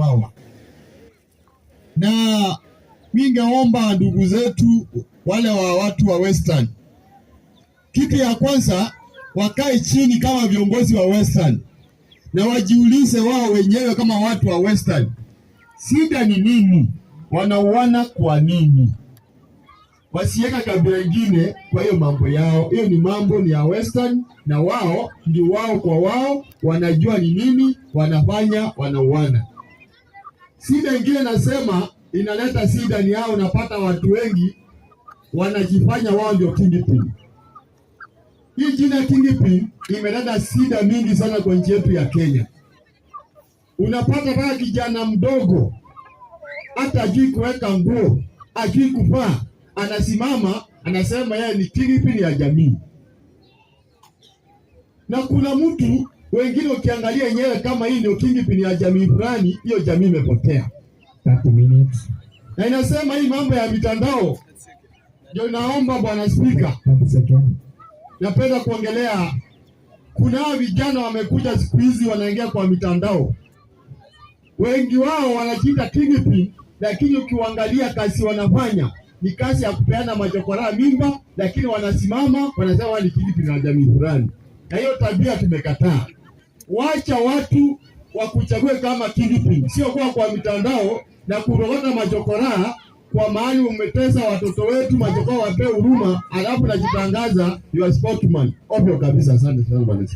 wameuawa. Na mi ningeomba ndugu zetu wale wa watu wa Western, kitu ya kwanza wakae chini kama viongozi wa Western na wajiulize wao wenyewe kama watu wa Western, shida ni nini? Wanauana kwa nini? Wasiweka kabila ingine kwa hiyo mambo yao. Hiyo ni mambo ni ya Western, na wao ndio wao kwa wao wanajua ni nini wanafanya, wanauana. Shida ingine nasema inaleta shida ni hao, unapata watu wengi wanajifanya wao ndio kingpin. Hii jina kingpin imeleta shida mingi sana kwa nchi yetu ya Kenya. Unapata mpaka kijana mdogo hata ajui kuweka nguo, ajui kuvaa, anasimama anasema yeye ni kingpin ya jamii, na kuna mtu wengine ukiangalia yenyewe kama hii ndio kingpin ya jamii fulani, hiyo jamii imepotea. Na inasema hii mambo ya mitandao ndio naomba Bwana Spika, napenda kuongelea kunao vijana wamekuja siku hizi wanaingia kwa mitandao, wengi wao wanajiita kingpin, lakini ukiwaangalia kazi wanafanya ni kazi ya kupeana machokoraa mimba, lakini wanasimama wanasema ni kingpin na jamii fulani, na hiyo tabia tumekataa wacha watu wakuchague kama kilipi, sio kwa kwa mitandao na kurogota machokoraa kwa mahali umetesa watoto wetu majoko wape huruma, alafu najitangaza you are sportman. Ovyo kabisa. Asante sana bwana.